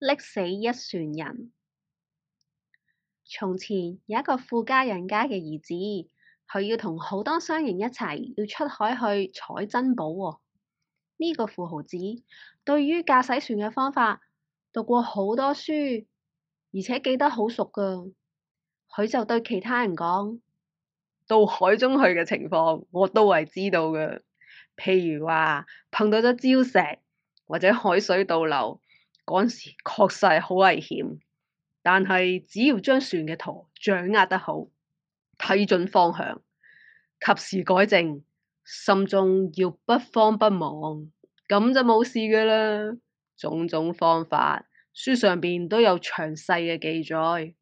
溺死一船人。從前有一個富家人家嘅兒子，佢要同好多商人一齊要出海去採珍寶喎。呢個富豪子對於駕駛船嘅方法讀過好多書，而且記得好熟噶。佢就對其他人講：到海中去嘅情況我都係知道噶。譬如話碰到咗礁石，或者海水倒流。嗰陣時確實係好危險，但係只要將船嘅舵掌握得好，睇準方向，及時改正，心中要不慌不忙，咁就冇事嘅啦。種種方法，書上邊都有詳細嘅記載，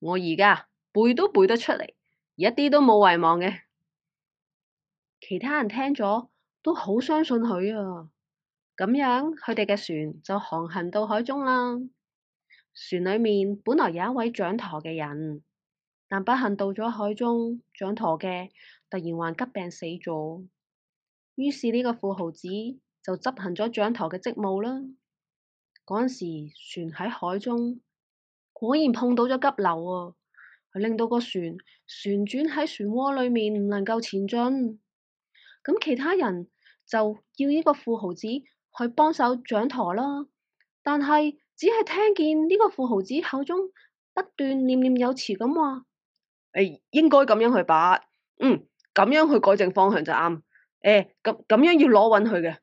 我而家背都背得出嚟，一啲都冇遺忘嘅。其他人聽咗都好相信佢啊！咁樣，佢哋嘅船就航行到海中啦。船裏面本來有一位掌舵嘅人，但不幸到咗海中，掌舵嘅突然患急病死咗。於是呢、這個富豪子就執行咗掌舵嘅職務啦。嗰陣時，船喺海中，果然碰到咗急流啊，令到個船旋轉喺漩渦裏面，唔能夠前進。咁其他人就要呢個富豪子。去幫手掌舵啦，但係只係聽見呢個富豪子口中不斷念念有詞咁話：誒，應該咁樣去把，嗯，咁樣去改正方向就啱。誒，咁咁樣要攞穩佢嘅。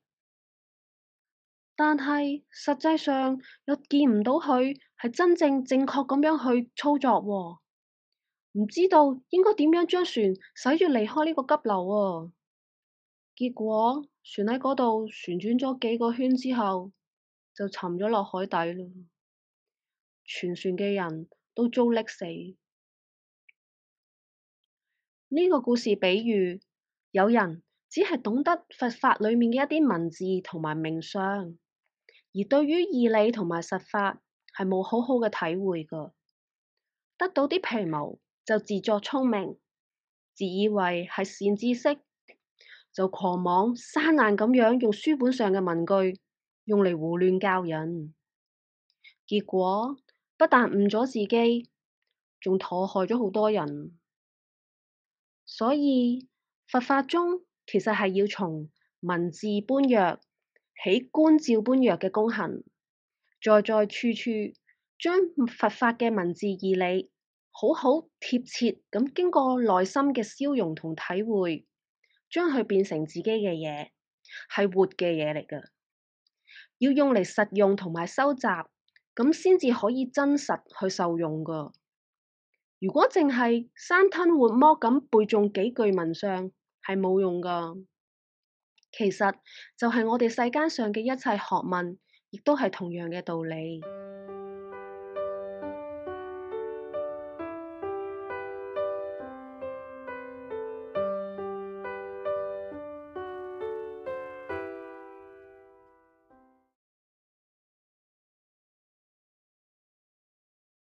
但係實際上又見唔到佢係真正正確咁樣去操作，唔知道應該點樣將船駛住離開呢個急流啊！結果。船喺嗰度旋轉咗幾個圈之後，就沉咗落海底啦。全船嘅人都遭溺死。呢個故事比喻有人只係懂得佛法裏面嘅一啲文字同埋名相，而對於義理同埋實法係冇好好嘅體會噶，得到啲皮毛就自作聰明，自以為係善知識。就狂妄、生硬咁樣用書本上嘅文句，用嚟胡亂教人，結果不但誤咗自己，仲禍害咗好多人。所以佛法中其實係要從文字般若起觀照般若嘅功行，再在處處將佛法嘅文字義理好好貼切咁經過內心嘅消融同體會。將佢變成自己嘅嘢，係活嘅嘢嚟噶要用嚟實用同埋收集，咁先至可以真實去受用噶。如果淨係生吞活剝咁背誦幾句文章，係冇用噶。其實就係我哋世間上嘅一切學問，亦都係同樣嘅道理。